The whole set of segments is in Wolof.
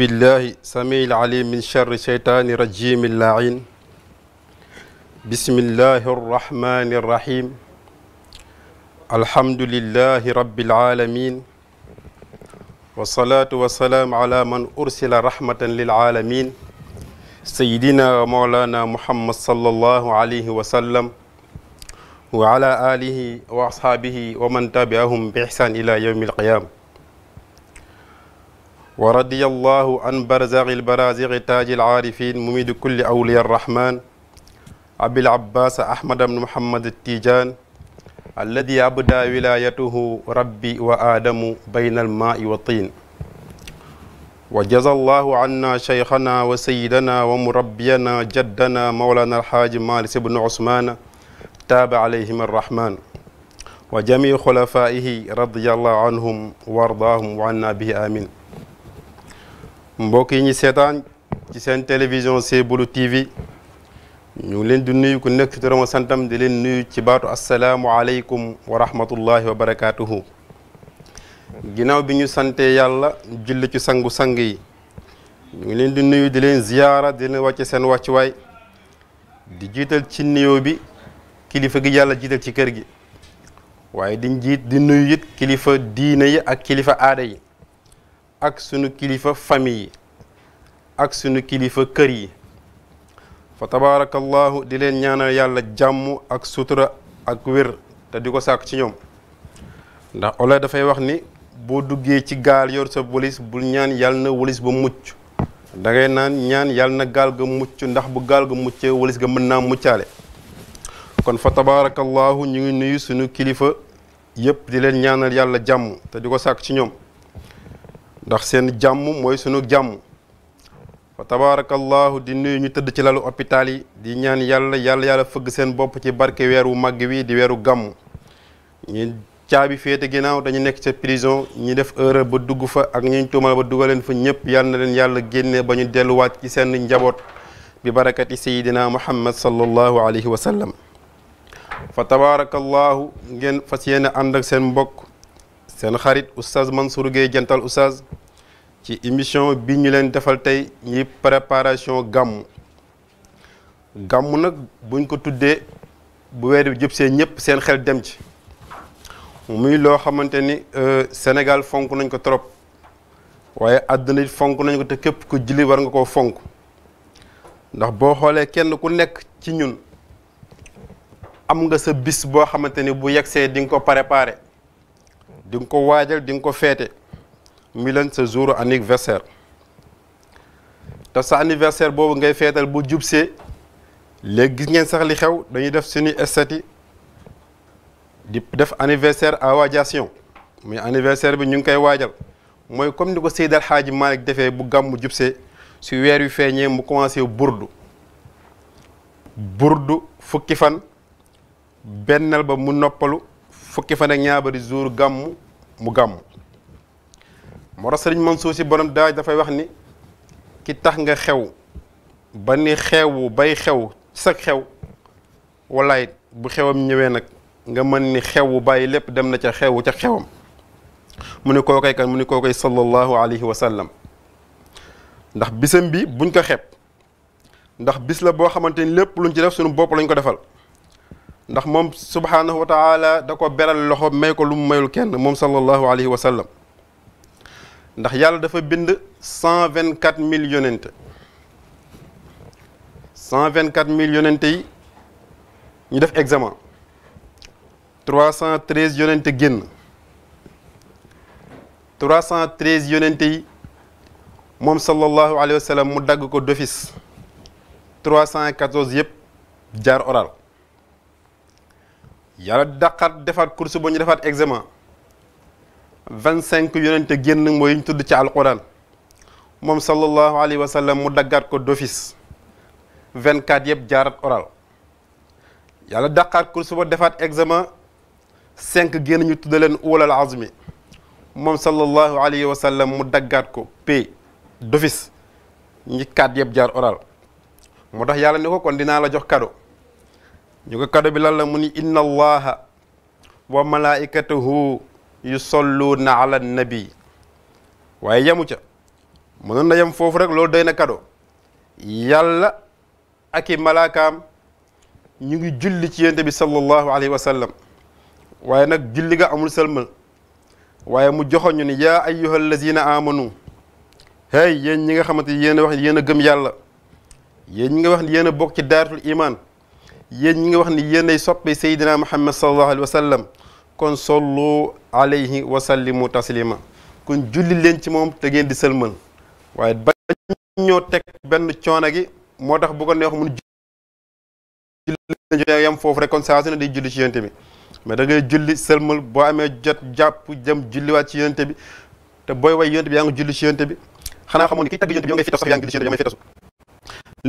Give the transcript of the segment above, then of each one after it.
بالله سميع العليم من شر شيطان رجيم اللعين بسم الله الرحمن الرحيم الحمد لله رب العالمين والصلاة والسلام على من أرسل رحمة للعالمين سيدنا ومولانا محمد صلى الله عليه وسلم وعلى آله وأصحابه ومن تبعهم بإحسان إلى يوم القيامة ورضي الله عن برزغ البرازغ تاج العارفين مميد كل أولياء الرحمن أبي العباس أحمد بن محمد التيجان الذي أبدى ولايته ربي وآدم بين الماء والطين وجزى الله عنا شيخنا وسيدنا ومربينا جدنا مولانا الحاج مالس بن عثمان تاب عليهم الرحمن وجميع خلفائه رضي الله عنهم وارضاهم وعنا به آمين mbokk yi ñu seetaan ci seen télévision Cébulu TV ñu leen di nuyu ku nekk ci turam santam di leen nuyu ci baatu asalaamualeykum wa rahmatullahi wa barakaatuhu. ginnaaw bi ñu sante yàlla julli ci sangu sangu yi ñu ngi leen di nuyu di leen ziyaara di leen wàcce seen wàccuwaay di jiital ci nuyoo bi kilifa gi yàlla jiital ci kër gi waaye di njiit di nuyu it kilifa diine yi ak kilifa aada yi ak sunu kilifa famille yi ak sunu kilifa kër yi fa tabaarakallahu di leen ñaanal yàlla jàmm ak sutura ak wér te di ko sàkk ci ñoom ndax olof dafay wax ni boo duggee ci gaal yor sa walis bul ñaan yàlla na walis ba mucc da naan ñaan yàlla na gaal ga mucc ndax bu gaal ga muccee walis ga mën naa muccaale kon fa tabaarakallahu ñu ngi nuyu sunu kilifa yëpp di leen ñaanal yàlla jàmm te di ko sàkk ci ñoom ndax seen jàmm mooy sunu jàmm fa tabaarakallahu di nuyu ñu tëdd ci lalu hôpital yi di ñaan yàlla yàlla yàlla fëgg seen bopp ci barke weeru màgg wi di weeru gàmm ñi caabi féete ginnaaw dañu nekk ca prison ñi def erreur ba dugg fa ak ñu tuumal ba dugaleen fa ñëpp yàlla leen yàlla génne ba ñu delluwaat ci seen njaboot bi barakati sayidina muhammad sallallahu alayhi wa sallam fa tabaarakallahu ngeen fas yéene ànd ak seen mbokk seen xarit oustaz Mansour Gueye jantal oustaz ci émission bi ñu leen defal tey ñi préparation gàmmu gàmmu nag buñ ko tuddee bu weer bi jëp see ñëpp seen xel dem ci muy loo xamante ni euh, Sénégal fonk nañ ko trop waaye àdduna it fonk nañ ko te képp ku julli war nga koo fonk ndax boo xoolee kenn ku nekk ci ñun am nga sa bis boo xamante ni bu yegsee di nga ko préparé di nga ko waajal di nga ko feete mi leen sa jour anniversaire te sa anniversaire boobu ngay feetal bu jubsee léegi gis ngeen sax li xew dañuy def suñuy esthétique di def anniversaire à waajation muy anniversaire bi ñu ngi koy waajal mooy comme ni ko Seydi El Hadji Malick defee bu gàmmu jubsee su weer yu feeñee mu commencé burdu burdu fukki fan bennal ba mu noppalu fukki fan ak ñaabari jour gàmmu mu gàmmu moo tax sëriñ Mansuur si borom daaj dafay wax ni ki tax nga xew ba ni xewu bay xew sa xew walaay bu xewam ñewé nak nga man ni xewu bàyyi lépp dem na ca xewu ca xewam mu ni koo kan mu ni koo sallallahu alayhi wa sallam ndax bisam bi buñ ko xeeb ndax bis la bo xamanteni lépp luñ ci def suñu bop lañ ko defal ndax mom subhanahu wa taala da ko beral loxo may ko lu mayul kenn mom sallallahu alayhi wa sallam ndax yàlla dafa bind 124 millionnante 124 millionnante yi ñu def examen 313 yonente génn 313 yonente yi moom sallallahu alayhi wa sallam mu dagg ko 314 yep, jaar oral yàlla daqat defaat course ba ñu defaat examen vingt cinq yonente génn mooy ñu tudd ci alquran moom sallallahu alayhi wa sallam mu daggaat ko d'office vingt quatre yëpp jaarat oral yàlla daqaat ko suba defaat examen cinq génn ñu tudd leen ulal azmi moom sallallahu alayhi wa mu daggaat ko p d'office ñi quatre yëpp jaar oral moo tax yàlla ni kon dinaa la jox kado ñu ko kado bi lan la mu ni inna wa malaikatahu yusalluuna ala nabi waaye yamu ca mënoon na yem foofu rek loolu doy na kado yàlla ak i malaakaam ñu ngi julli ci yonent bi sallallahu alayhi wa sallam waaye nag julli nga amul sëlmal waaye mu joxoñu ni yaa ayyuhal lazina amanu hey yéen ñi nga xamante ni yéen a wax yéen a gëm yàlla yéen ñi nga wax ni yéen a bokk ci daaratul iman yéen ñi nga wax ni yéen ay soppe Seydina Muhammad sallallahu alayhi wa sallam kon sollu alayhi wa sallimu taslima kon julli leen ci moom te ngeen di sëlmal waaye ba ñoo teg benn coono gi moo tax bu ko neex mun julli yam foofu rek kon saa su ne julli ci yonte bi mais da ngay julli sëlmal boo amee jot jàpp jëm julliwaat ci yonte bi te booy way yonte bi yaa ngi julli ci yonte bi xanaa xamoon ni ki tagg yonte bi yoo ngay fi tasu sax yaa ngi julli ci yonte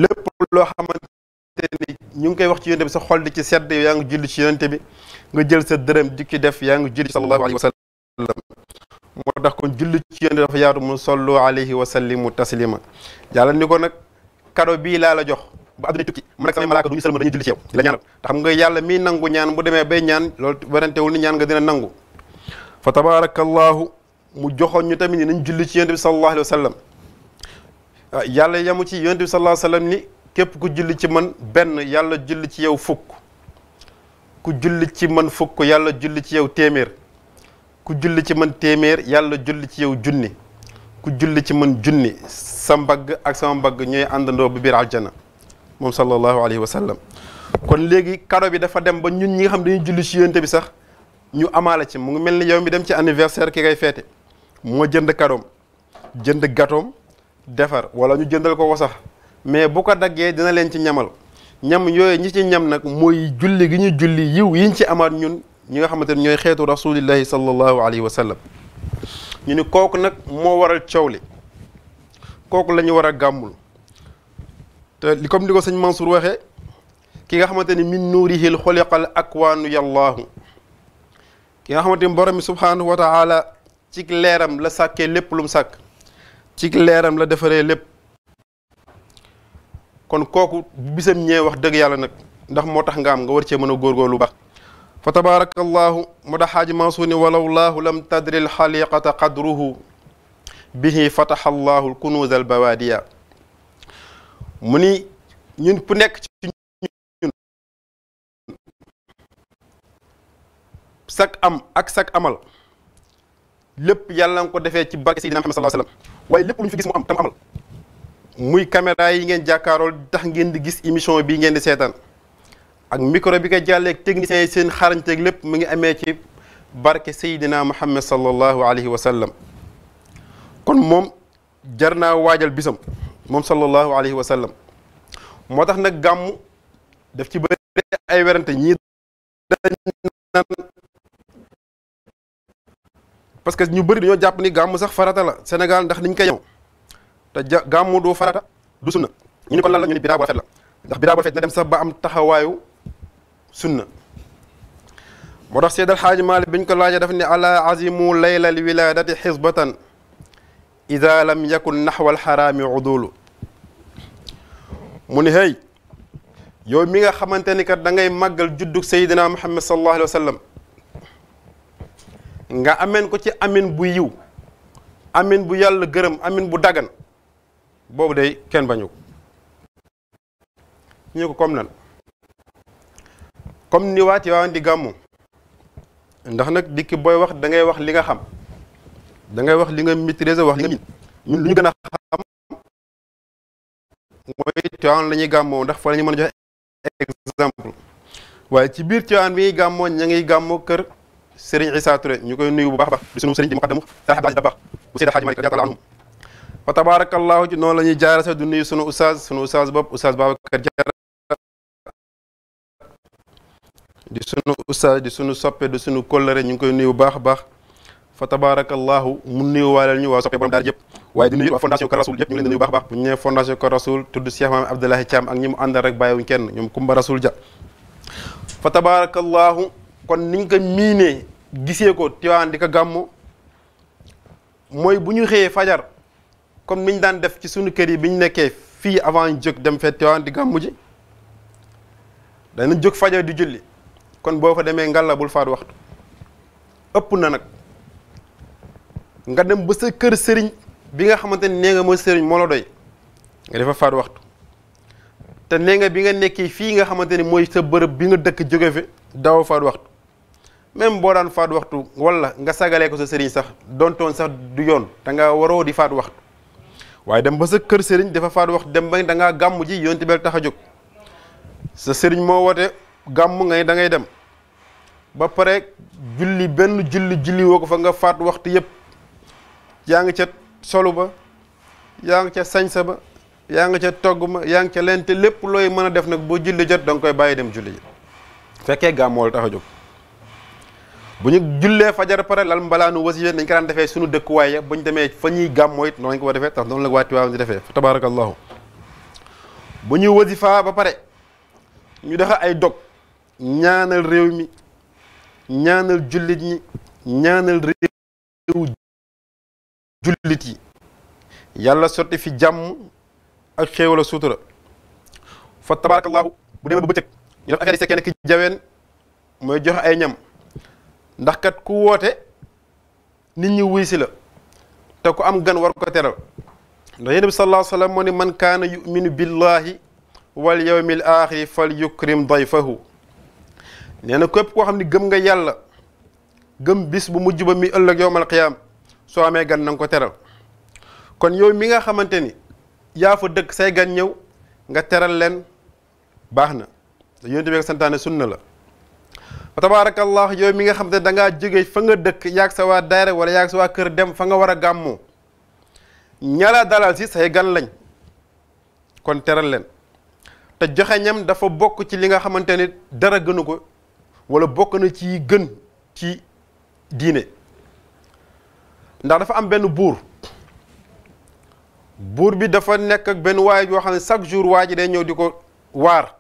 lépp loo xamante ni ñu ngi koy wax ci yonte bi sax xol di ci sedd yaa ngi julli ci yonte bi nga jël sa dërëm di ci def yaa ngi julli ci sallallahu alayhi wa sallam moo tax kon julli ci yéen dafa yaatu mu sallu alayhi wa sallimu taslima yàlla ko nag kado bii laa la jox ba adduna tukki man ak sama malaaka du ñu sëlma dañuy te xam nga yàlla mii nangu ñaan bu demee bay ñaan loolu werantewul ni ñaan nga dina nangu fa tabarakallahu mu joxoon ñu tamit ni nañ julli ci yonent bi sallallahu alayhi wa sallam ah, yàlla yamu ci yonent bi sallallahu alayhi ni képp ku julli ci man benn yàlla julli ci yow fukk ku julli ci man fukk yàlla julli ci yow téeméer ku julli ci man téeméer yàlla julli ci yow junni ku julli ci mën junni sa mbagg ak sama mbagg ñooy àndandoo bu biir aljana moom sallallahu alayhi wa sallam kon léegi kado bi dafa dem ba ñun ñi nga xam dañuy julli ci yonent bi sax ñu amaala ci mu ngi mel ni yow mi dem ci anniversaire ki ngay feete moo jënd kadoom jënd gatoom defar wala ñu jëndal ko sax mais bu ko daggee dina leen ci ñamal ñam yoy ñi ci ñam nak moy julli gi ñu julli yiw yiñ ci amaat ñun ñi nga xamanteni ñoy xeetu rasulillahi sallallahu alayhi wa sallam ñu ni koku nak mo waral ciowli koku lañu wara gamul te li comme ni seigne Mansour waxe ki nga xamante ni min nuurihil xuliqal akwaanu yallaahu ki nga xamanteni borom subhanahu wa taala ci leeram la sakke lépp lu mu sàkk ci leeram la defare lépp kon kooku bisam ñee wax dëgg yàlla nag ndax moo tax nga am nga war cee mën a góorgóorlu baax fa tabarakallahu mu xaaj xaaji Mansuur ni walawlaahu lam tadril xaliqata qadruhu bihi fataxa allahu kunuuz al bawaadiya mu ni ñun ku nekk ci ñun sak am ak sak amal lépp yàlla nga ko defee ci barke Seydina Muhammad sallallahu alayhi waaye lépp lu ñu fi gis mu am tam amal muy caméra yi ngeen jàkkaarool tax ngeen di gis émission bi ngeen di seetaan ak micro bi ko jàllee ak yi seen xarañteeg lépp mu ngi amee ci barke Seydina Muhammad sallallahu alayhi wa sallam kon moom jar naa waajal bisam moom sallallahu alayhi wa sallam moo tax nag gàmm def ci bëri ay werante ñii que ñu bëri dañoo jàpp ni gàmmu sax farata la Sénégal ndax niñ koy ñëw te ja gàmmu du farata du sunna ñu ni kon lan la ñu ni bidaa bu rafet la ndax bidaa bu rafet na dem sax ba am taxawaayu sunna moo tax Seydal Xaaji Maalik biñ ñu ko laajee daf ne ala azimu laylal wilaadati xisbatan ida lam yakun naxwal xaraami udulu mu ni hey yow mi nga xamante ni kat da màggal juddug Seydina Muhammad sallallahu alayhi wa sallam nga ameen ko ci amin bu yiw amin bu yàlla gërëm amin bu dagan boobu day kenn bañu ko ñu ko comme nan comme ni waa Tiwaawan di gàmmu ndax nag dikki booy wax da ngay wax li nga xam da ngay wax li nga maîtriser wax li nga ñun lu ñu gën a xam mooy Tiwaawan la ñuy gàmmoo ndax fa la ñu mën a joxe exemple waaye ci biir Tiwaawan bi ñuy gàmmoo ña ngi gàmmoo kër Serigne Issa Touré ñu koy nuyu bu baax a baax di sunu Serigne di muqaddamu Seydi Hadji Dabakh bu fa tabaarakallaahu ci noonu la ñuy jaara sax du nuyu sunu oustaz sunu oustaz bopp oustaz Babacar Diarra di sunu sunu soppe di sunu ñu ngi koy nuyu bu baax a baax fa tabaarakallaahu mu nuyu waaleel ñu waa soppe borom daara yëpp waaye di nuyu fondation Kër Rasoul yëpp ñu ngi leen di nuyu baax baax bu ñu nee fondation Kër Rasoul tudd Cheikh Maam Abdoulaye ak ñi mu àndal rek bàyyiwuñ kenn ñoom Kumba Rasoul ja fa tabaarakallaahu kon niñ ko miinee gisee ko Tiwaan di ko gàmmu mooy bu ñu xëyee fajar comme niñ dan def ci suñu kër yi biñ nekkee fi avant ñu dem fee Tiwaawan di gamuji ji danañ jóg fajar di julli kon boo fa demee ngalla bul faat waxtu ëpp na nag nga dem ba sa kër sëriñ bi nga xamante ne nee nga mooy sëriñ moo la doy nga defa faat waxtu te nee nga bi nga nekkee fii nga xamante ni sa bërëb bi nga dëkk jóge fi daaw faat waxtu même daan faat waxtu wala nga ko sa sëriñ sax dontoon sax du yoon da nga waroo di faat waxtu waaye dem ba sa kër sëriñ dafa faat wax dem ba da gàmmu gàmm ji yonti bel tax a jóg sa sëriñ moo woote gàmm ngay da ngay dem ba pare julli benn julli julli woo ko fa nga faat waxtu yëpp yaa ngi ca solu ba yaa ngi ca sañsa ba yaa ngi ca togg ma yaa ngi ca lente lépp looy mën a def nag boo julli jot da koy bàyyi dem julli ji fekkee gàmmoo la tax a jóg bu ñu jullee fajar pare lal mbalaanu wasifa dañ ko daan defee suñu dëkkuwaay ya ñu demee fa ñuy gàmmoo it noonu lañ ko war defee tax noonu la ko waa Tiwaawan di defee fa tabarakallahu bu ba pare ñu defa ay dog ñaanal réew mi ñaanal jullit ñi ñaanal réew jullit yi yàlla sotti fi jàmm ak xéewal a suutura fa tabarakallahu bu demee ba bëccëg ñu def affaire yi kenn ki jaween mooy joxe ay ñam ndax kat ku woote nit ñi wuy si la te ku am gan war ko teral ndax yéen bi sallallahu alayhi wa sallam moo ne man kaana yuminu billahi wal yawmil axiri fal yukrim dayfahu nee na képp koo xam ne gëm nga yàlla gëm bis bu mujj ba mi ëllëg yowmal qiyaam soo amee gan na ko teral kon yow mi nga xamante ni yaa fa dëkk say gan ñëw nga teral leen baax na yonent bi santaane sunna la fa tabaarakallah yow mi nga xam ne da ngaa jóge fa nga dëkk yaag sa waa daayira wala yaag sa waa kër dem fa nga war a gàmmoo ñala dalal si say gan lañ kon teral leen te joxeñam dafa bokk ci li nga xamante ne dara gënu ko wala bokk na ci gën ci diine ndax dafa am benn buur buur bi dafa nekk ak benn waay yoo xam ne chaque jour waa ji day ñëw di ko waar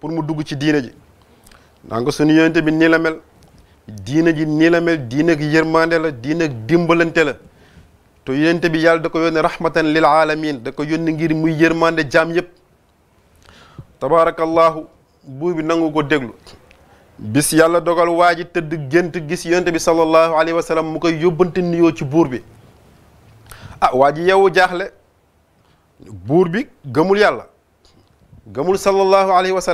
pour mu dugg ci diine ji donc suñu yonente bi nii la mel diina ji nii diina ak diina ak dimbalante la te yonente bi yàlla da ko yónne rahmatan lil alamin da ko yónne ngir muy yërmande jaam yëpp tabaarakallaahu buur bi nangu ko déglu bis yàlla dogal waa ji tëdd gént gis yonente bi sallallahu alayhi wa mu koy yóbbante nuyoo ci buur bi ah waa ji yeewu jaaxle buur bi gëmul yàlla gëmul sallallahu alayhi wa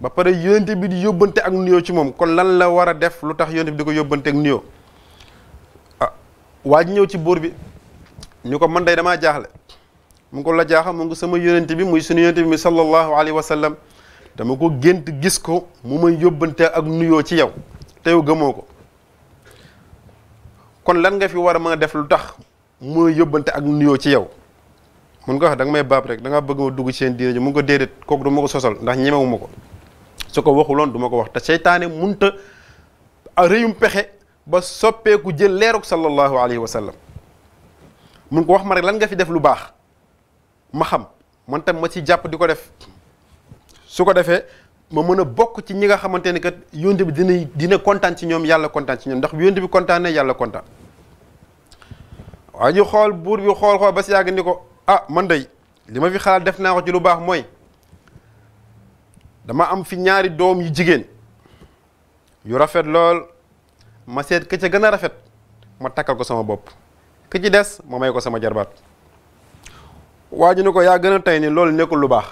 ba pare yoonte bi di yobante ak nuyo ci mom kon lan la wara def lutax yoonte bi di yobante ak nuyo ah waa ji ci bor bi ñuko man day dama jaaxle mu ko la jaxam mu ngi sama yoonte bi muy sunu yoonte bi sallallahu alaihi wasallam dama ko gënt gis ko mu may yobante ak nuyo ci yow te yow gëmoko kon lan nga fi wara ma def lutax mu yobante ak nuyo ci yow mun ko wax da nga may bab rek da nga bëgg ma dugg seen diina ji ko dedet kok du mako sosal ndax ñëmewu mako su ko waxuloon du ma ko wax te seytaane munta réyum pexe ba soppeeku jël leerug sallallahu alayhi wa sallam mun ko wax ma rek lan nga fi def lu baax ma xam man tam ma ci jàpp di ko def su ko defee ma mën a bokk ci ñi nga xamante ne kat yonent bi dina dina kontaan ci ñoom yàlla kontaan ci ñoom ndax yonent bi kontaan ne yàlla kontaan waaye ñu xool buur bi xool xool ba si yàgg ni ko ah man dey li ma fi xalaat def naa ko ci lu baax mooy dama am fi ñaari doom yu jigéen yu rafet lool ma seet ka ca gën rafet ma takkal ko sama bopp ki ci des ma may ko sama jarbaat waa ji ne ko yaa gën a tey ni loolu nekkul lu baax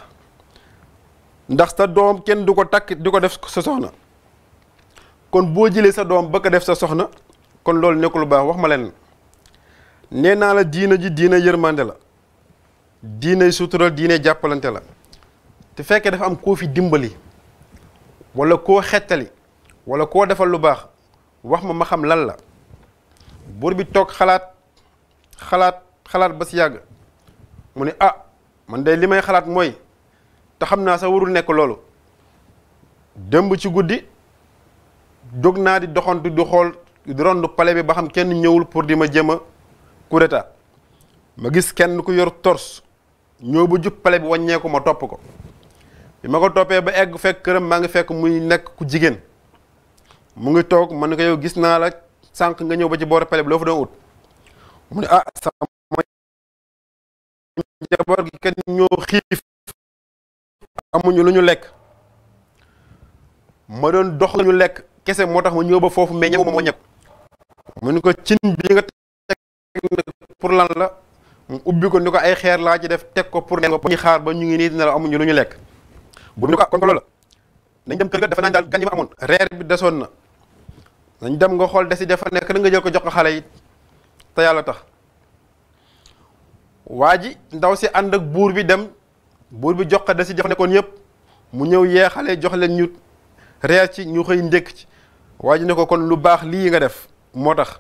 ndax sa doom kenn du ko takk di ko def sa soxna kon boo jëlee sa doom ba ko def sa soxna kon lol nekkul lu baax wax ma leen nee la diina ji diina yërmande la dina sutural dina jàppalante la te fekkee dafa am koo fi dimbali walla koo xettali wala koo defal lu baax wax ma ma xam lan la buur bi toog xalaat xalaat xalaat ba ci yàgg mu ne a ah, man de li may xalaat mooy te xam naa sa warul nekk loolu démb ci guddi dog naa di doxantu du xool di rondu palais bi ba xam kenn ñëwul pour di ma jéem a coup ma gis kenn ku yoru tors ñëw ba jub palais bi wàññeeku ma topp ko bi ma ko toppee ba egg fekk këram maa ngi fekk muy nekk ku jigéen mu ngi toog man ni ko yow gis naa la sànq nga ñëw ba ci boor pale bi loo fa doon ut mu ne ah sama njaboot gi kat ñoo xiif amuñu lu ñu lekk ma doon dox lu ñu lekk kese moo tax ma ñëw ba foofu mais ñëw ma ñëpp mu ni ko cin bi nga teg pour lan la mu ubbi ko ni ko ay xeer laa ci def teg ko pour ne ba ñu xaar ba ñu ngi nii dina amuñu lu ñu lekk buñu ko kontrol la nañ dem kër ga dafa nañ dal gañu amon rer bi deson na nañ dem nga xol desi dafa nek nga jël ko jox ko yi ta yalla tax waji ndaw si and ak buur bi dem buur bi jox ko desi jok nekkoon yeb mu ñew ye xalé jox leen ñut rer ci ñu xey ndek ci waji ne ko kon lu bax li nga def motax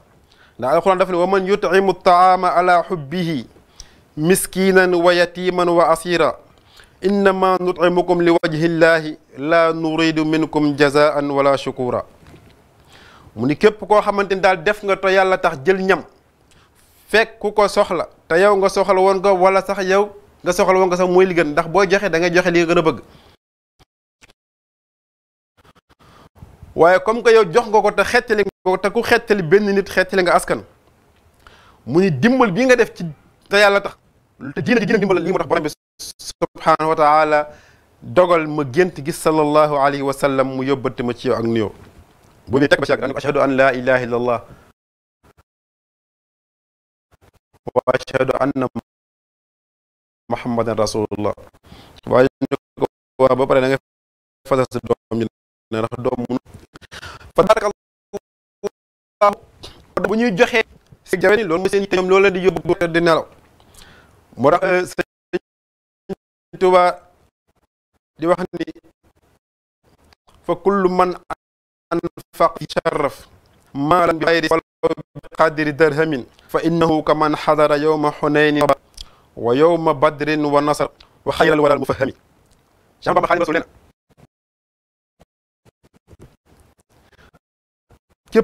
tax alquran daf wa man yutimu taama ala hubbihi, miskinan wa yatiman wa asira innama nutimukum li wajhillahi laa nuridu minkum jazaan wala shukura mu ni képp koo xamante ni daal def nga to yàlla tax jël ñam fekk ku ko soxla te yow nga soxla woon ko wala sax yow nga soxla woon ko sax mooy li ndax booy joxe dangay joxe li nga gën a bëgg waaye comme que yow jox nga ko te xettali nga te ku xettali benn nit xettali nga askan mu ni dimbal bii nga def ci te yàlla tax te diina ji diina dimbal li moo tax borom bi subhaanahu wa dogal ma gént gis sallallahu alayhi wa sallam mu yóbbante ma ci yow ak nuyoo bu ne ba ci ak ashhadu an laa ba pare da nga fasal sa doom ñu ne ñuy joxee si jawe ni loolu mooy seen yitte ñoom loolu di yóbbu di nelaw moo tax Tuuba di wax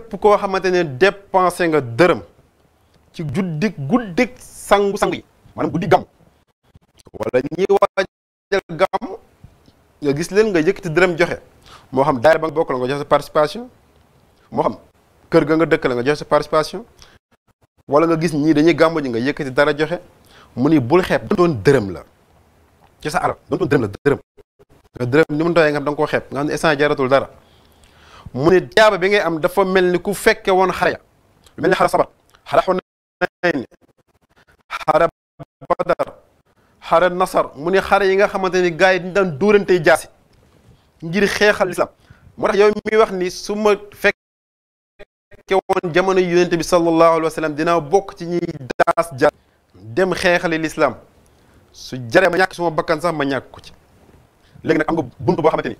koo xamante ne dépensé nga dërëm ci juddik guddik sangu sangu yi wala ñi waajal gàmm nga gis leen nga yëkkati dërëm joxe moo xam daayira ba nga bokk la nga joxe sa participation moo xam kër ga nga dëkk la nga joxe sa participation wala nga gis ñii dañuy gàmm ji nga yëkkati dara joxe mu ni bul xeeb doon dërëm la ci sa alal doon dërëm la dërëm nga dërëm ni mu doyee nga xam da nga koo xeeb nga xam ne instant jaratul dara mu ni jaaba bi ngay am dafa mel ni ku fekke woon xaraya mel ni xara sabat xara xonayni xara xare nasar mu ne xare yi nga xamante ni gars yi dañu daan dóorante jaasi ngir xeexal islam moo tax yow miy wax ni su ma woon jamono yonente bi sallallahu alayhi wa sallam bokk ci ñuy daas jaasi dem xeexali lislaam su jaree ma ñàkk suma bakkan sax ma ñàkk ko ci léegi nag am nga buntu boo xamante ni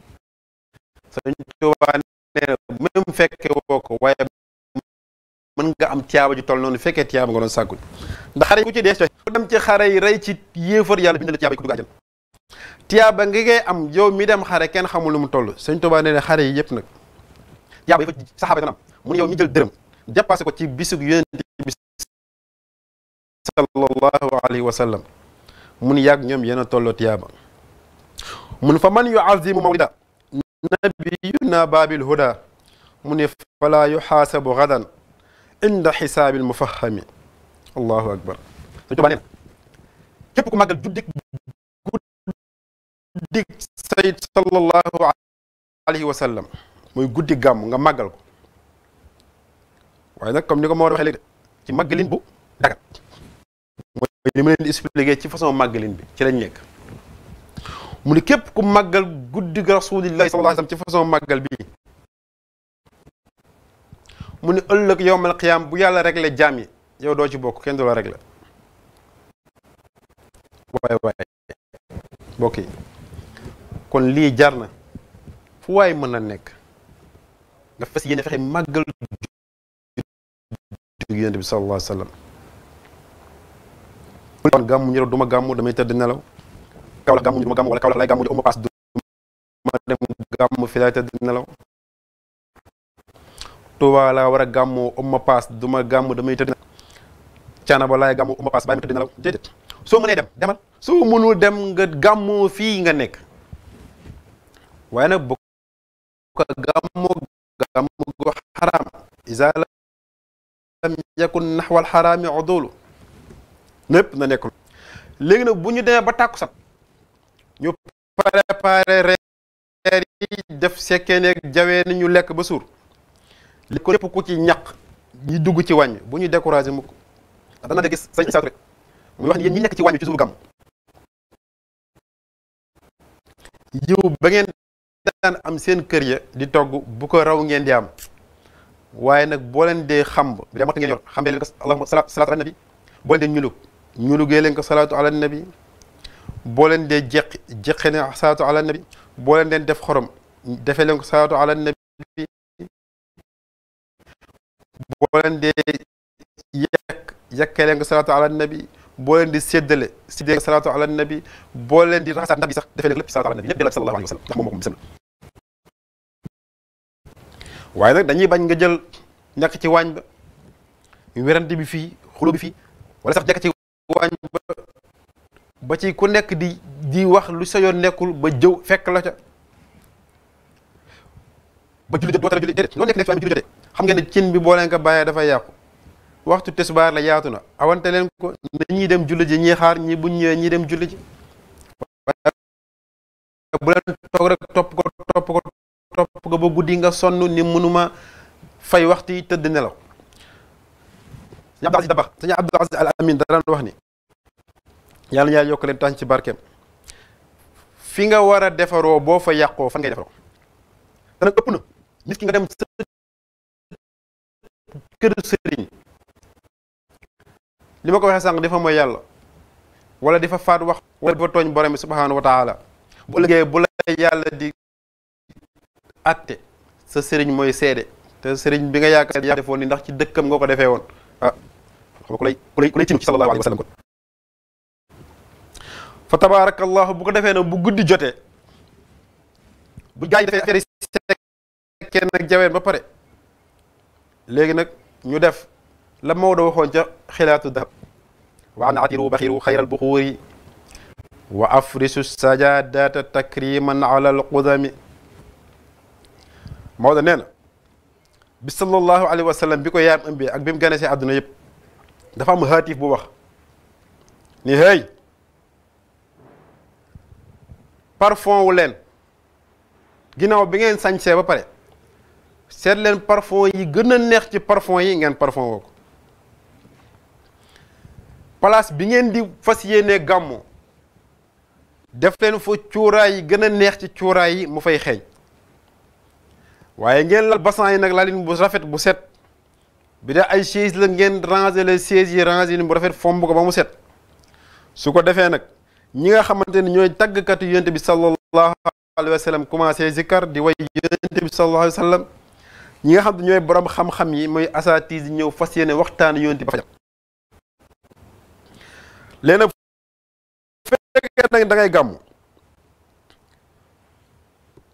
Sëñ Tuubaa nee na même fekke woo ko waaye mën nga am tiyaaba ju toll noonu fekkee tiyaaba nga doon sàkku ndax xare ku ci dee dem ci xare yi ray ci yéefar yàlla bindal ci tiyaaba ko dugajal tiyaba tiyaaba ngay am yow mi dem xare kenn xamul lu mu tollu seigne touba ne xare yi yëpp nak yaba yi fa sahaba tanam mu yow ñi jël deureum dépassé ko ci bisug yonente bi sallallahu alaihi wasallam sallam mun yàgg ñom yena tollu tiyaba tiyaaba mun fa man yuazimu mawlida nabiyuna babil huda mu ne falaa yuhasabu ghadan inda xisaabil mufahami الله أكبر Sëñ Tuubaa képp ku màggal juddik guddik sayid sallallahu alayhi wa guddi gàmm nga màggal ko waaye nag comme ni ko Maodo waxee léegi ci màggalin bu dagat ci façon màggalin bi ci lañ nekk mu ni képp ku màggal guddi ga rasulillahi sallallahu alayhi wa ci façon màggal bi mu ni ëllëg yowmal qiyaam bu yàlla réglé jaam yi yow doo ci bokk kenn du la réglé waay waay mbokk yi kon lii jar na fu waay mën na nekk nga fas yéene fexe màggal juddu yonent bi sallallahu alayhi wa sallam kon gàmmu ñu du ma gàmmu damay tëdd nelaw Kaolack gàmmu du ma gàmmu uma paas du ma dem tëdd nelaw Touba laa war a gàmmu uma paas du ma gàmmu damay tëdd nelaw Caana ba laay gàmmu uma paas bàyyi ma tëdd nelaw soo mënee dem demal soo mënul dem nga gàmmoo fii nga nekk waaye nag bu ko gàmmoo gàmmu gu xaraam isa lam naxwal xaraami odolu lépp na nekk léegi nag bu ñu demee ba tàkkusaan ñu préparé reer yi def sekkee neeg jawee ni ñu lekk ba suur li ko lépp ku ci ñaq ñi dugg ci wàññ bu ñu découragé mukk dana de gis sañ saturé muy wax ne yéen ñi nekk ci wàññi ci suuru gàmm yiw ba ngeen daan am seen kër ya di togg bu ko raw ngeen di am waaye nag boo leen dee xamb bi mat ngeen yor xambee leen ko allahumma salaatu ala nabi boo leen dee ñulug ñulugee leen ko salaatu ala nabi boo leen dee jeq jeqe ne salaatu ala nabi boo leen deen def xorom defee leen ko salaatu ala nabi boo leen dee yekk yekkee leen ko salaatu ala nabi boo leen di séddale si dégg salaatu ala nabi boo leen di raxasaat ndax bi sax defee lépp salaatu ala nabi lépp yàlla sallallahu alayhi wa sallam ndax moom moo ko la waaye nag dañuy bañ nga jël ñàkk ci waañ ba werante bi fii xuloo bi fii wala sax ñàkk ci waañ ba ba ci ku nekk di di wax lu sa yoon nekkul ba jëw fekk la ca ba julli jot doo tara julli déedéet loo nekk nekk ci waañ ba julli jotee xam ngeen ne cin bi boo leen ko bàyyee dafay yàqu waxtu tisbaar la yaatu na awante leen ko na ñii dem julli ji ñii xaar ñii bu ñëwee ñii dem julli ji bu leen toog rek topp ko topp ko ba guddi nga sonn ni mënuma fay waxtu yi tëdd nelaw dabax sëñ Abdul Aziz Al Amin daan wax ni yàlla ñaar yokk leen tànn ci barkeem fi nga war a defaroo boo fa yàqoo fan ngay defaroo te ëpp na nit nga dem sa sëriñ li ma ko waxee sànq dafa mooy yàlla wala dafa faat wax wala dafa tooñ borom bi subhaanahu wa taala bu liggéey bu di sëriñ mooy seede te sëriñ bi nga yaakaar yaa defoon ni ndax ci dëkkam nga ko defee woon ah xam ku lay ku lay ku lay ci sallallahu alayhi fa tabaarakallahu bu ko defee nag bu guddi jotee bu gaa yi defee affaire ba pare léegi nag ñu def la Maodo waxoon ca xilaatu dahab وعنعتلوا بخيروا خير البخور وأفرسوا السجادات تكريما على القدم موضة نينا بسل الله عليه وسلم بكو يام أمبي أكبيم جانسي عدنا يب دفع مهاتف بوخ نهاي parfum wu len ginaaw bi ngeen sanccé ba paré sét len parfum yi gëna neex ci parfum yi ngeen parfum woko place bi ngeen di fas yéenee gàmmu def leen fa cuuraay yi gën a neex ci cuuraay yi mu fay xeeñ waaye ngeen lal bassan yi nag lalin bu rafet bu set bi da ay chaise la ngeen ranger les chaises yi ranger yi bu rafet fomb ko ba mu set su ko defee nag ñi nga xamante ni ñooy tàggkatu yonent bi sallallahu alayhi wa sallam commencé zikkar di way yonent bi sallallahu alayhi wa ñi nga xam te ñooy borom xam-xam yi mooy asaatis yi ñëw fas yéene waxtaan yonent bi fajar léegi dangay gàmmu nag da ngay gàmm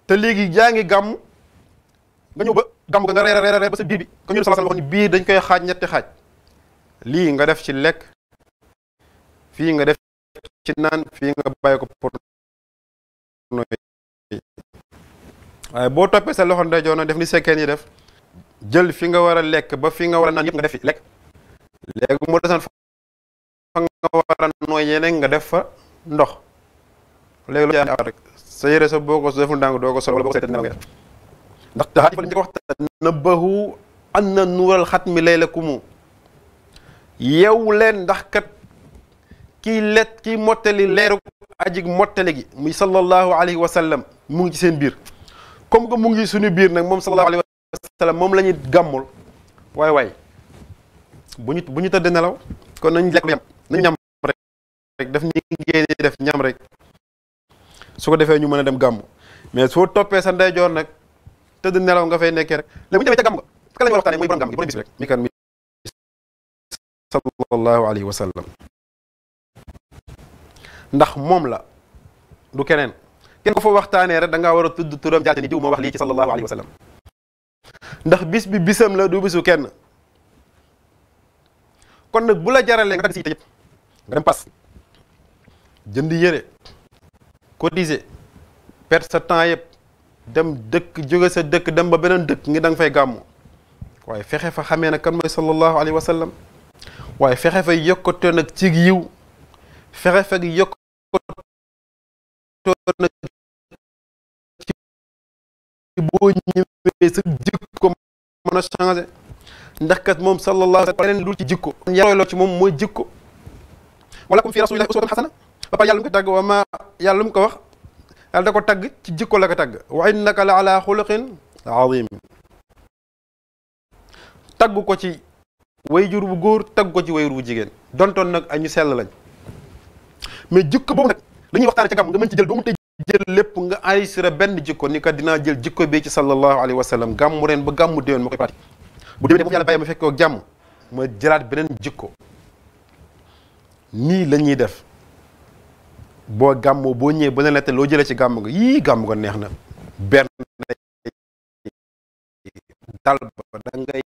te léegi yaa ngi gàmm nga ñëw ba gàmm nga reer reer ba sa biir bi ko ñu sallallahu alayhi wasallam biir dañ koy xaaj ñetti xaaj lii nga def ci lekk fii nga def ci naan fii nga bàyyi ko pour waaye boo toppee sa loxo ndeyjoor na def ni sekkeen yi def jël fi nga war a lekk ba fi nga war a naan yëpp nga def fi lekk léegi mu desaan fa nga war a nooyee ne nga def fa ndox léegi loolu yaa rek sa yére sa boo ko deful ndànk doo ko sol wala boo ko seetee nga def ndax taxaat yi fa njëkk waxtaan nabahu anna nuural xatmi laylakumu yeewu leen ndax kat kii let kii mottali leeru ajig mottali gi muy sallallahu alayhi wa sallam mu ngi ci seen biir comme que mu ngi suñu biir nag moom sallallahu alayhi wa sallam moom la ñuy gàmmul waay waay bu ñu nelaw kon nañ lekk lu na ñam rek daf ñuy génnee def ñam rek su ko defee ñu mën a dem gàmm mais soo toppee sa ndeyjoor nag tëdd nelaw nga fay nekkee rek léegi bu ñu demee ca gàmm nga ka la borom borom bis rek mi kan mi sallallahu Alaihi Wasallam. ndax moom la du keneen kenn ko fa waxtaanee rek da ngaa war a turam jaate diw wax ci sallallahu Alaihi Wasallam. ndax bis bi bisam la du bisu kenn kon nag bu nga nga dem pass jënd yére cotiser perte sa temps yëpp dem dëkk jóge sa dëkk dem ba beneen dëkk ngi da fay gàmmu waaye fexe fa xamee nag kan mooy fexe fa yokkatoo nag ci yiw fexe fa yokkatoo nag ci boo ñëwee sa jikko mën a changé ndax kat moom sallallahu alayhi lu ci jikko yàlla loo ci moom mooy jikko walakum fi rasulillahi uswatun xasana ba pare yàlla mu ko tàgg wa ma yàlla mu ko wax yàlla da ko tàgg ci jikko la ko tàgg wa innaka la ala xuluqin azim ko ci wayjur bu góor tagg ko ci wayjur bu jigéen dontoon nag añu sell lañ mais jikko boobu nag dañuy waxtaane ca gàmm nga mën ci jël doomu tey jël lépp nga enregistré benn jikko ni kat dinaa jël jikko bi ci sallallahu alayhi wa sallam ba gàmmu déwén ma koy pratique bu déwénee moom yàlla bàyyi ma fekkee ak jàmm ma jëlaat beneen jikko nii lañuy def boo gàmmoo boo ñëwee ba la loo jëlee ci gàmm nga yii gàmm neex na benn dal ba da ngay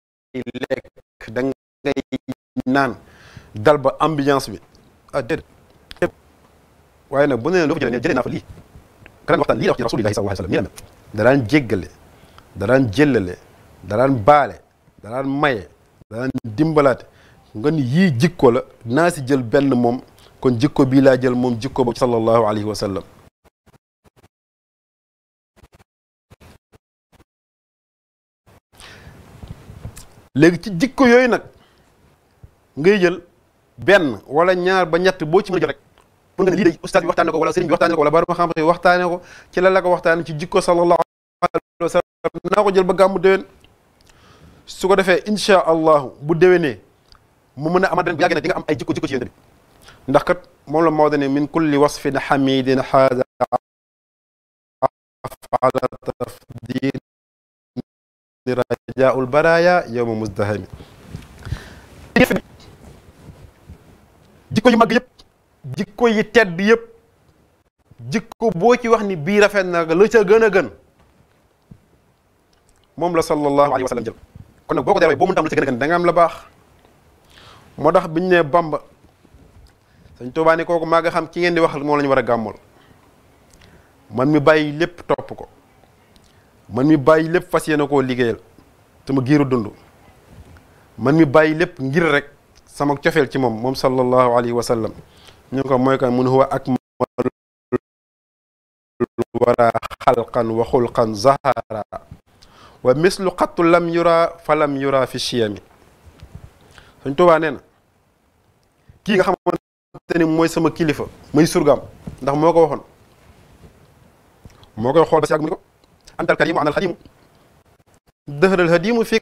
lekk da naan dal ba bi ah waaye nag bu loo fa jëlee jëlee naa fa lii ka daan waxtaan lii la da daan jéggale da daan jëllale da baale da maye da daan nga ni yii jikko la naa si jël benn moom kon jikko bii laa jël moom jikko ba sallallahu alayhi wa sallam léegi ci jikko yooyu nag ngay jël benn wala ñaar ba ñett boo ci mën a jël rek pour nga lii day ustaas bi waxtaane ko wala sëriñ bi waxtaane ko wala borom xam ne waxtaane ko ci la la ko waxtaane ci jikko sallallahu alayhi wa naa ko jël ba gàmmu déwén su ko defee incha allahu bu déwénee mu meuna a amal ren bu di nga am ay jikko jikko ci yéen bi ndax kat mom la modene min kulli wasfin hamidin hada afala tafdil diraja rajaul baraya yawm muzdahim jikko yu mag yeb jikko yi tedd yeb jikko bo ci wax ni bi rafet na la ca gën a gën moom la sallallahu alaihi wasallam jël kon nak boko deray bo mu tam am la ca gën gën da nga am la bax moo tax biñu ne Bamba Sëñ Tuubaa ni kooku maa nga xam ki ngeen di waxal moo lañu ñu war a gàmmool man mi bàyyi lépp topp ko man mi bàyyi lépp fas yéene koo liggéeyal sama giiru dund man mi bàyyi lépp ngir rek sama cofeel ci moom moom sallallahu alayhi wa sallam ñu ko mooy kan mun huwa akmalul wara xalqan wa zahara wa mislu xattu lam yura fa lam yura fi chiyami Sëñ Tuubaa nee na nga xamanteni moy sama kilifa moy surgam ndax moko waxon moko xol ci ak mu ko antal karim an al anal xadimu al hadim fi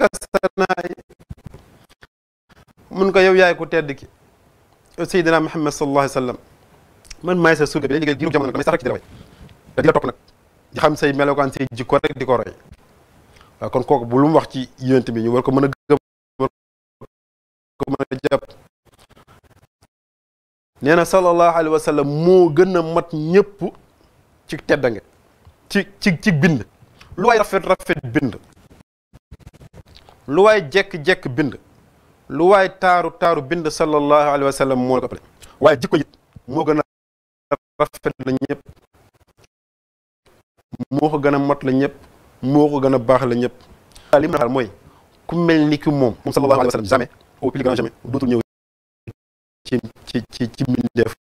kasnaay mun ko yow yaay ko tedd ki sayyidina Muhammad sallallahu alaihi wasallam man may sa surga bi lay diru diiru jamono may sa rek ci dara da te di la topp di xam say melokan say jikko rek di ko roy kon koku bu lu mu wax ci yonent bi ñu war ko mën mën a jàpp nee na sallallahu alayhi wa sallam moo gën mat ñëpp ci teddange ci ci ci bind lu waay rafet rafet bind lu waay jekk-jekk bind lu waay taaru taaru bind sallallahu alayhi wa sallam moo ko ëppale jikko moo gën a rafet la ñëpp gën mat la ñëpp moo ko gën a baax la ñëpp li mu daal mooy ku mel ni ki moom moom sallallahu alayhi wa au plus grand jamais ci ci yàlla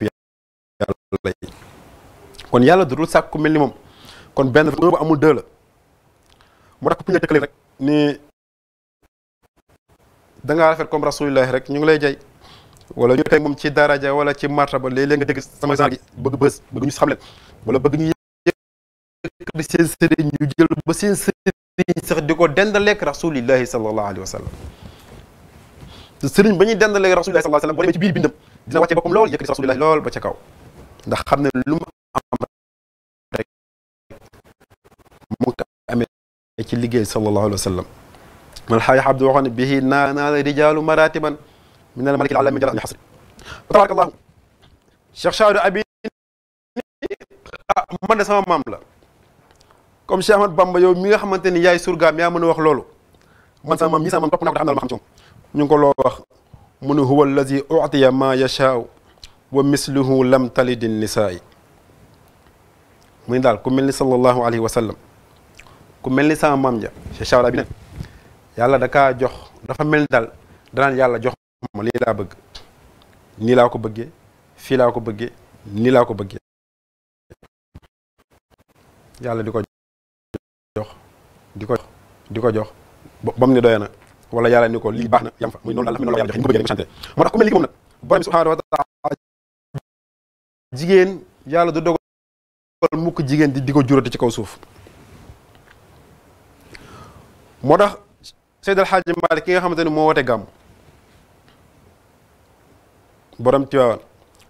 yi kon yàlla dudul mel ni moom kon benn bu amul deux la tax ku ñu tëkkale rek ni danga ngaa rafet comme rasulillahi rek ñu ngi lay jay wala ñu tey moom ci daraja wala ci martaba léeg-léeg nga dégg sama genre yi bëgg bës bëgg ñu wala bëgg ñu sax di ko dendaleek rasulillahi sallallahu alayhi wa sallam sëriñ ba ñuy dendalee rasulilah sallallahu alayhi wasallam boo demee ci biir bindam dina wàcce boppam lool yëkkati rasulilah lool ba ca kaw ndax xam ne lu mu am rek mu ko amee ci liggéey sallallahu alayhi wasallam man xaay abdu waxoon ne bihi naa naa la rijaalu maratiban min al malaki ala min jalal xasri tabarakallahu cheikh chaadu abi ah man de sama maam la comme Cheikh Ahmad Bamba yow mi nga xamante ni yaay surgaam yaa mën a wax loolu man sama maam ñi sama maam topp naa ko da xam naa ma xam ci moom ñu ngi ko loo wax mu ne huwa allazi utiya ma yashaau wa misluhu lam talidi nisaay mu ne daal ku mel ni sallallahu mel ni sama maam ja Cheikh Chawla bi ne yàlla da kaa jox dafa mel ni daal danaan yàlla jox ma lii laa bëgg nii laa ko bëggee fii laa ko bëggee nii laa ko bëggee yàlla di ko jox di ko jox di ko jox ba mu ne doy na wala yàlla ni ko lii baax na yam fa muy noonu daal la yàlla joxe ñu ko bëggee rek jigéen yàlla du dogal mukk jigéen di di ko juróote ci kaw suuf moo tax Seydal Xaaji Maalik ki nga xamante ne moo wote gàmm borom Tiwaawan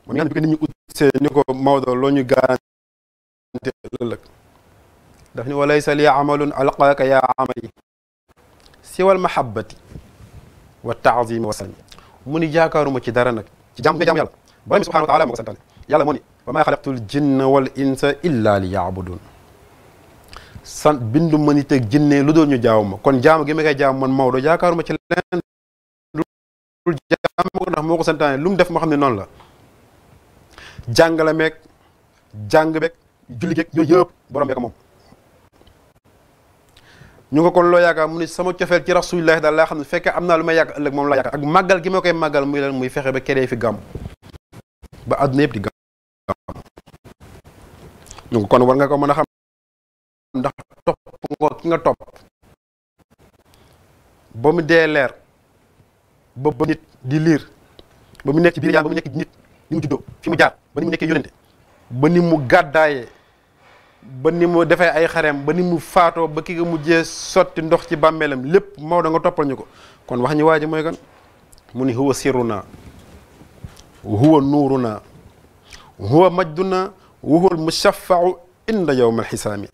moom nga xam ne bi ko nit ñi utsee ko Maodo loo ñu garanti ëllëg daf ni walaysa li amalun alqaaka yaa amali siwal mahabbati wa taazim wa salami mu ni jaakaaruma ci dara nag ci jàmm jàmm yàlla borom bi subhanahu wa taala moo ko santaane yàlla moo ni wa maa xalaqtul jinna wal insa illa li yaabudun san bindu ma nit ak jinne lu doon ñu jaaw ma kon jaamu gi ma koy jaamu man Maodo jaakaaruma ci leneen lu jaamu ko ndax moo ko santaane lu mu def moo xam ne noonu la jàngale meeg jàng beeg julli geeg yooyu yëpp borom beeg moom ñu nga kon loo yaakaar mu ni sama cofeel ci rasulillahi daal laa xam ne fekkee am naa lu may yàgg ëllëg moom laa yaakaar ak màggal gi ma koy màggal muy leen muy fexe ba keree fi gàmm ba àdduna yëpp di ko mën a xam ndax topp nga ki mu dee leer ba ba nit di liir ba mu nekk ci biir mu nekk fi mu jaar ba ni mu nekkee yonente ba ni mu gàddaayee ba ni mu defee ay xareem ba ni mu faatoo ba ki nga mujjee sotti ndox ci bàmmeelam lépp Maodo nga toppal ñu ko kon wax ñu waa ji mooy kan mu ni huwa sirruna huwa nuuruna huwa majduna wa huwa almushaffau inda yowma alxisaami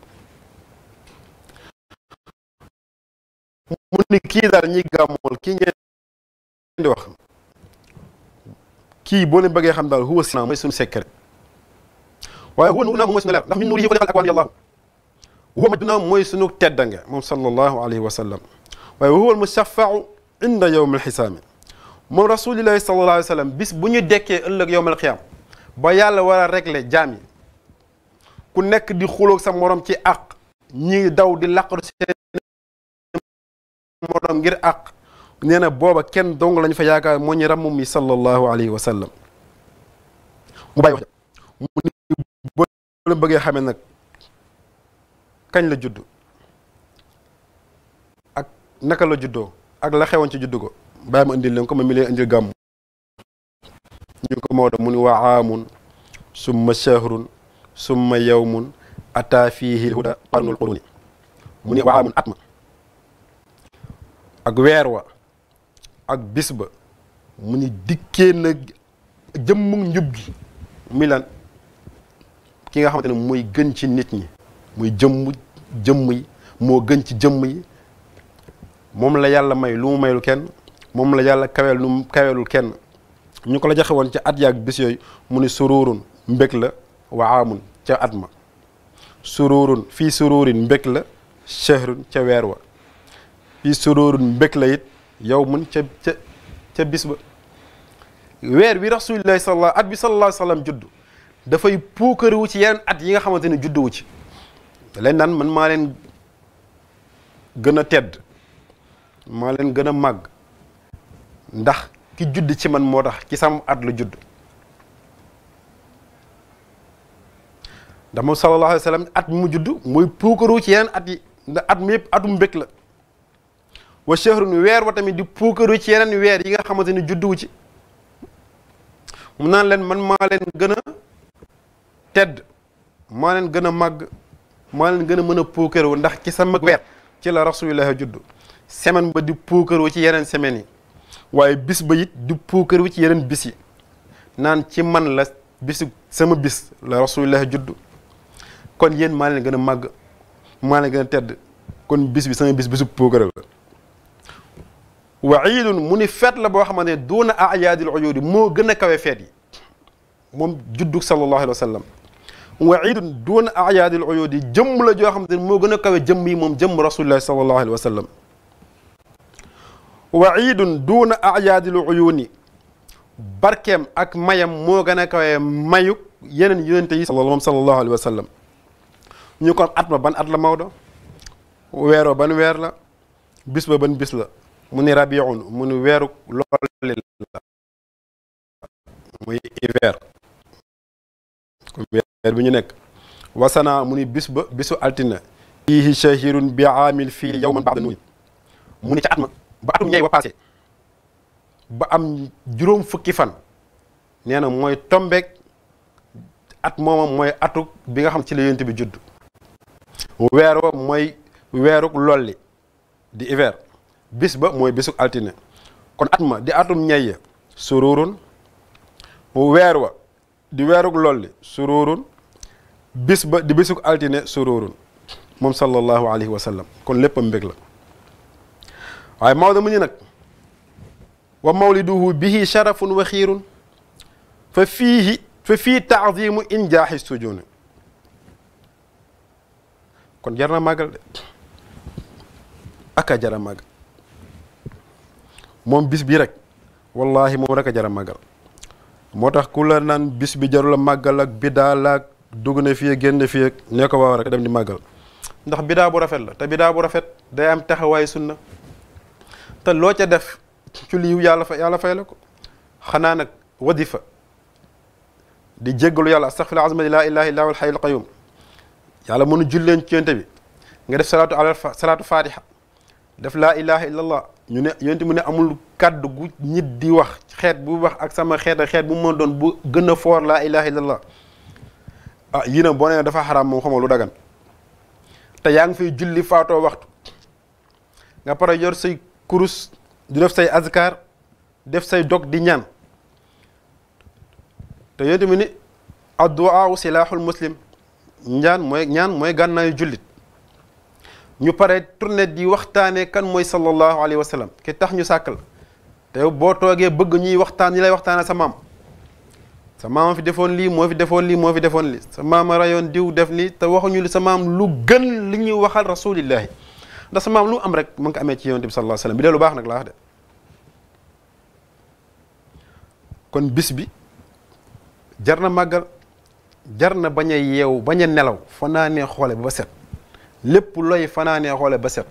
mu ni kii daal ñi gàmmool kii boo leen bëggee xam daal huwa sirruna mooy suñu secret waaye huwa nuurunaa moom mooy sunu leer ndax min nuurihi ko defal akwaan yàllaahu huwa majdunaa mooy sunu teddange moom sallallahu alayhi wa sallam waaye huwa al musafaau inda yowm alxisaami moom rasulillahi sallallahu alayhi wa sallam bis bu ñu dekkee ëllëg yowm alxiyaam ba yàlla war a régler jaam yi ku nekk di xuloog sa morom ci àq ñii daw di laqatu seen morom ngir àq nee na booba kenn dong lañ fa yaakaar moo ñu ràmm mi sallallahu alayhi wa sallam mu bàyyi wax ja loolu bëggee xamee nag kañ la judd ak naka la juddoo ak la xewoon ci juddu ko bàyyi ma indil leen ko ma mi leen gàmm ñu ko Maodo mu ni waa aamun summa shahrun summa yawmun ata fiihi mu ni waa at ma ak weer ak bis mu ni dikkee na jëmmug njub gi muy ki nga xamante moy gën ci nit ñi moy jëm jëm yi mo gën ci jëm yi mom la yàlla may lu mu maylu kenn mom la yàlla kawel lu kawelul kenn ñu ko la joxe won ci at yaag bis yoy mu ni sururun mbek la wa amun ci atma sururun fi sururin mbek la shahrun ci wer wa fi sururun mbek la it yow mun ci ci ca bis ba wer wi rasulullah sallallahu at bi sallallahu alayhi wa juddu dafay puukariwu ci yeneen at yi nga xamante ne judduwu ci leen daan man maa leen gën a tedd maa leen gën a màgg ndax ki judd ci man moo tax ci sam at lu judd ndax moom sallallahu alayhi wa sallam at mu judd muy puukaru ci yeneen at yi ndax at mu yëpp atum mbég la wa shahrun weer wa tamit di puukaru ci yeneen weer yi nga xamante ni judduwu ci mu naan leen man maa leen gën a tedd maa leen gën a màgg moo leen gën a mën a puukaru ndax ci sama weer ci la rasulullah juddu semaine ba di puukaru ci yeneen semaines yi waaye bis ba it di puukaru ci yeneen bis yi naan ci man la bisu sama bis la rasulullah juddu kon yéen maa leen gën a màgg maa leen gën a tedd kon bis bi sama bis bisu puukaru la wa mu ni feet la boo xamante ne duuna ayaadil uyuudi moo gën a kawe feet yi moom juddu sallallahu alayhi wa وعيد دون أعياد العيود جم لا جو خمتن مو غنا كاوي جم مي موم جم رسول الله صلى الله عليه وسلم وعيد دون أعياد العيون بركم اك مايام مو غنا كاوي مايو يينن يونتي صلى الله وسلم صلى الله عليه وسلم ني كون ات بان ات لا ويرو بان وير لا بان بيس لا ربيع مني ويرو لول لا موي ايفر bi ñu nekk wasana mu ni bis ba bisu altina fiihi shahirun bi aamil fii yawman ba'da nuuni mu ni ca at ma ba atum ñay wa passé ba am juróom fukki fan nee na mooy tombeek at moomam mooy atuk bi nga xam ci la yonent bi juddu weer wa mooy weeruk lolli di hiver bis ba mooy bisuk altina kon at ma di atum ñay sururun weer wa di weeruk lolli sururun bis ba di bisuk altine sururun, mom sallallahu Alaihi Wasallam. kon leppam am la way mawda mu nak wa mawliduhu bihi sharafun wa khairun, fa fihi fa fii taazimu sujun kon jarna magal, de aka jarna magal mom bis bi rek wallahi mom rek jarna magal motax kula nan bis bi jarula magal ak dugg fi ak génn fi ak ne ko waaw rek dem di magal ndax bida bu rafet la te bida bu rafet day am taxaway sunna te lo ca def ci liiw yàlla fa yàlla fay lako xana nak wadifa di jéggalu yàlla astaghfir azma la ilaha illa huwal hayyul qayyum yàlla mënu julen ci yonte bi nga def salatu ala salatu fatiha def la ilaha illa allah ñu ne yonte mu ne amul kàddu gu nit di wax xet bu wax ak sama xet xet bu mo don bu gëna for la ilaha illa allah ah yii nag boo nee dafa xaraam moom xamoo lu dagan te yaa ngi fay julli faatoo waxtu nga pare yor say kurus di def say azkar def say dog di ñaan te yéen tamit ni adduwaaw silaaxul muslim ñaan mooy ñaan mooy gànnaayu jullit ñu pare tourné di waxtaanee kan mooy sallallahu alayhi wa ki tax ñu sàkkal te boo toogee bëgg ñuy waxtaan ñi lay waxtaanee sa maam سمام في دفون لي مو في دفون لي مو في دفون لي سمام رايون ديو دفني تواخني لسمام لو جن لني وخال رسول الله دا سمام لو امرك منك امتي يوم صلى الله عليه وسلم بدلو باخ نك لا واخ كون بيس بي جارنا ماغال جارنا باغا ييو باغا نلاو فناني خولي بسيت لب لوي فناني خولي بسيت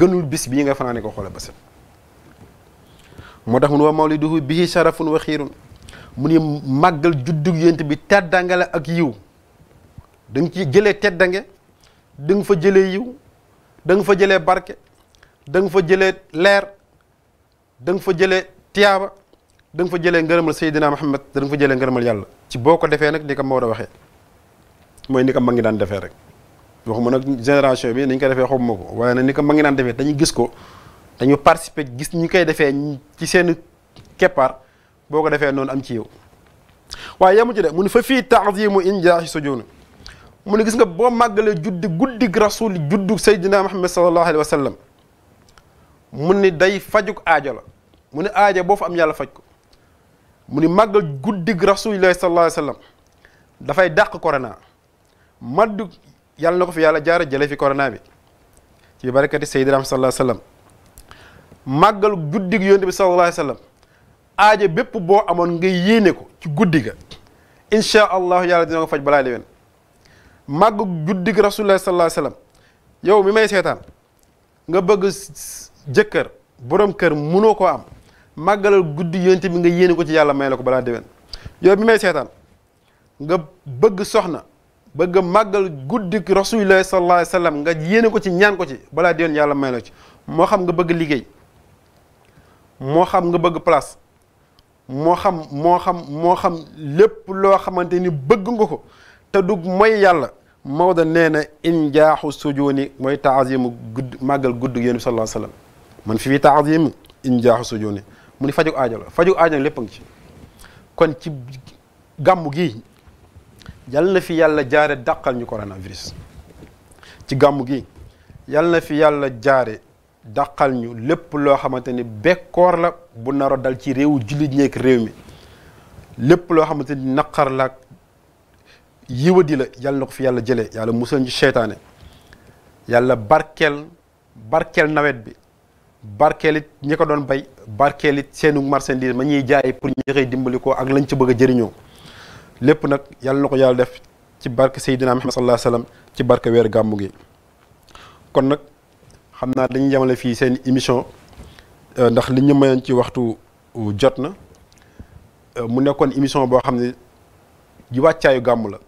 غنول بيس بي فناني كو خولي بسيت مو تخ مولده به شرف وخير mu ni màggal juddug yént bi teddange la ak yiw da nga ci jëlee teddange da nga fa jëlee yiw da fa jëlee barke da nga fa jëlee leer da fa jëlee tiyaaba da nga fa jëlee ngërëmal Seydina Muhammad da nga fa jëlee ngërëmal yàlla ci boo ko defee nag ni moo Maodo waxee mooy ni ko mag ngi daan defee rek waxuma nag génération bi nañ ko defee xamuma ko waaye nag ni ko mag ngi daan defee dañu gis ko dañu participer gis ñi koy defee ci seen keppaar boko defé non am ci yow waaye yamu ci de mun fa fi ta'zim injaahi sujun mun gis nga bo magale juddi guddi rasul juddu sayyidina Muhammad sallallahu alaihi wasallam mun ni day fajuk aajo la mu ni aajo boo fa am yàlla faj ko mu ni màggal guddig rasulillahi sallallahu alaihi wasallam da fay dàq corona maddu yàlla nako fi yàlla jaara jële fi corona bi ci barakati sayyidina Muhammad sallallahu alaihi wasallam magal guddi yonnabi sallallahu alaihi wasallam aajo bépp boo amoon nga yéene ko ci guddi ga incha allahu yàlla dina ko faj balaa déwén màgg guddi ga rasulullah sallallahu yow mi may seetaan nga bëgg jëkkër boroom kër munoo ko am màggalal guddi yonent bi nga yéene ko ci yàlla may la ko balaa déwén yow mi may seetaan nga bëgg soxna bëgg màggal guddi rasulullah sallallahu alayhi nga yéene ko ci ñaan ko ci balaa déwén yàlla may la ci moo xam nga bëgg liggéey moo xam nga bëgg place moo xam moo xam moo xam lépp loo xamante ni bëgg nga ko te du mooy yàlla Maodo nee na in jaaxu sujooni mooy taazimu gudd màggal gudd yéen bi sallallahu alayhi man fi taazimu in jaaxu sujooni mu ni fajug aajo la fajug aajo lépp a ci kon ci gàmmu gi yal na fi yàlla jaare dàqal ñu coronavirus ci gàmmu gi yal na fi yàlla jaare daqal ñu lépp loo xamante ni bekkoor la bu naroo dal ci réewu jullit ñeek réew mi lépp loo xamante ni naqar la ak yiwadi la yàlla na ko fi yàlla jëlee yàlla musal ñu seytaane yàlla barkeel barkeel nawet bi barkeel it ñi ko doon bay barkeel it seenu marchandise ma ñuy jaay pour ñu koy dimbali ko ak lañ ci bëgg a jëriñoo lépp nag yàlla na ko yàlla def ci barke Seydina Muhammad sallallahu alayhi ci barke weer gàmmu gi kon nag xamna naa dañuy fi seen émission ndax li ñu mayon ci waxtu jotna mu nekkon émission bo xamni ji waccayu gam la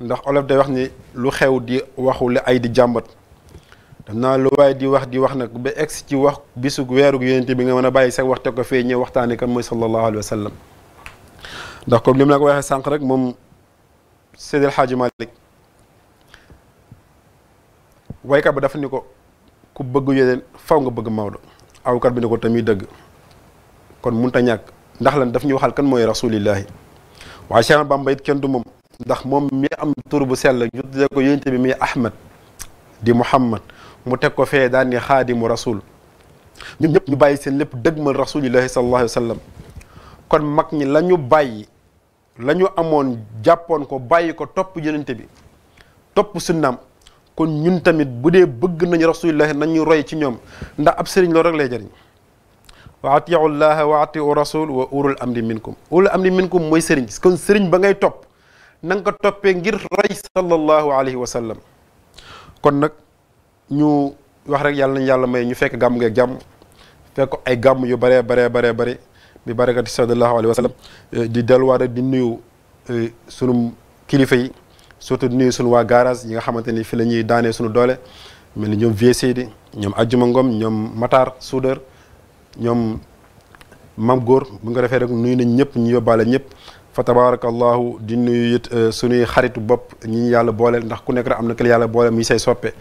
ndax olof day wax ni lu xew di waxu li ay di jàmbat dana lu way di wax di wax nak be ex ci wax bisu weeru yonent bi nga mëna bàyyi sax waxte ko fee ñe waxtaane kan moy sallallahu alayhi wasallam ndax comme li la ko waxe sank rek mom sayyid al hajj malik way ka ba dafa ni ko ku bëgg yeneen faw nga bëgg Maodo awkat bi ne ko tamit dëgg kon mun ta ñàkk ndax lan daf ñu waxal kan mooy rasulillahi waaye Cheikh Bamba it kenn du moom ndax moom mi am tur bu sell ñu tuddee ko yonent bi muy Ahmad di Muhammad mu teg ko fee daan ni xaadimu rasul ñun ñëpp ñu bàyyi seen lépp dëgmal rasulillahi sallallahu alayhi wa sallam kon mag ñi lañu bàyyi lañu ñu amoon jàppoon ko bàyyi ko topp yonent bi topp sunnaam kon ñun tamit bu dee bëgg nañu rasulillahi nañu roy ci ñoom ndax ab sëriñ loolu rek lay jëriñ wa atiu llaha wa atiu rasul wa urul amri minkum urul amri minkum mooy sëriñ kon sëriñ ba ngay topp nanga ko toppee ngir roy sallallahu alayhi wa sallam kon nag ñu wax rek yàlla nañ yàlla may ñu fekk gàmm ngeeg jàmm fekk ay gàmm yu baree bare baree bëri bi barakati sallallahu alayhi wa sallam di delluwaat rek di nuyu eh, sunu kilifa yi surtout nuyu suñu waa garage yi nga xamante ni fi la ñuy daanee suñu doole mel ni ñoom Vieux Seydi ñoom Adjuma Ngom ñoom Matar Soudeur ñoom Mam Góor bu nga defee rek nuyu nañ ñëpp ñu yóbbaale ñëpp fa tabarakallahu di nuyu it euh, suñuy xaritu bopp ñi yàlla booleel ndax ku nekk am na kële yàlla booleel muy say soppe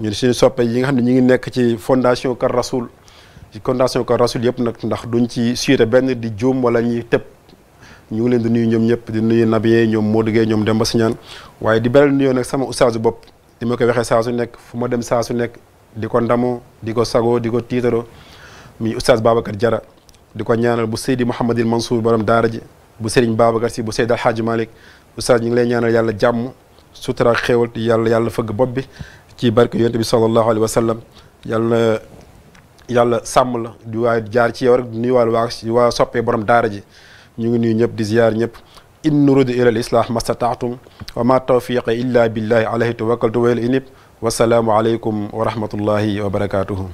ñu suñu soppe yi nga xam ne ñu ngi nekk ci fondation Kër Rasoul ci yëpp nag ndax duñ ci suite benn di juum wala ñuy tëb ñu ngi leen di nuyu ñoom ñëpp di nuyu Nabiye ñoom Modou Gueye ñoom Demba Signane waaye di beral nuyoo nag sama ustaasu bopp di ma koy waxee saa su nekk fu ma dem saa su nekk di ko ndamoo di ko sagoo di ko tiitaroo muy ustaas Babacar Jara di ko ñaanal bu Seydi Mouhamadil Mansour borom daara ji bu Serigne Babacar si bu Seydi Alhaaji Malick ustaas ñu ngi lay ñaanal yàlla jàmm sutura xéewal yàlla yàlla fëgg bopp bi ci barke yonte bi sallallahu alayhi wa sallam yàlla yàlla sàmm la di waaye jaar ci yow rek nuyu waa waa soppee borom daara ji ñu ngi nuyu ñëpp di ziyaar ñëpp إن نرد إلى الإصلاح ما استطعتم وما التوفيق إلا بالله عليه توكلت وإلى والسلام عليكم ورحمة الله وبركاته